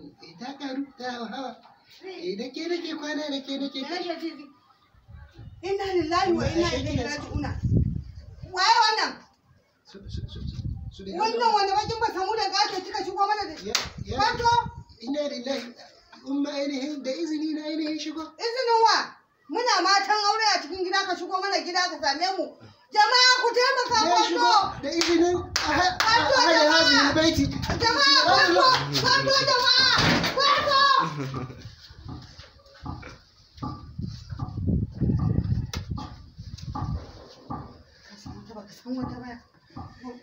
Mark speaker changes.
Speaker 1: Eh, ta karu ta hawa eh, da ke nake kwana da ke nake inna lillahi wa inna ilaihi raji'una waye wannan
Speaker 2: wannan wanda
Speaker 3: bakin ba samu da gata kika shigo mana da wato inna lillahi umma ainihin da izini na ainihin shigo izinin wa muna matan aure a cikin gida ka shigo mana gida ka same mu jama'a ku taimaka wato
Speaker 4: da izinin a hada hazin baiti jama'a
Speaker 5: wato
Speaker 6: wato jama'a 呵呵呵。快上，快把，快上，快点。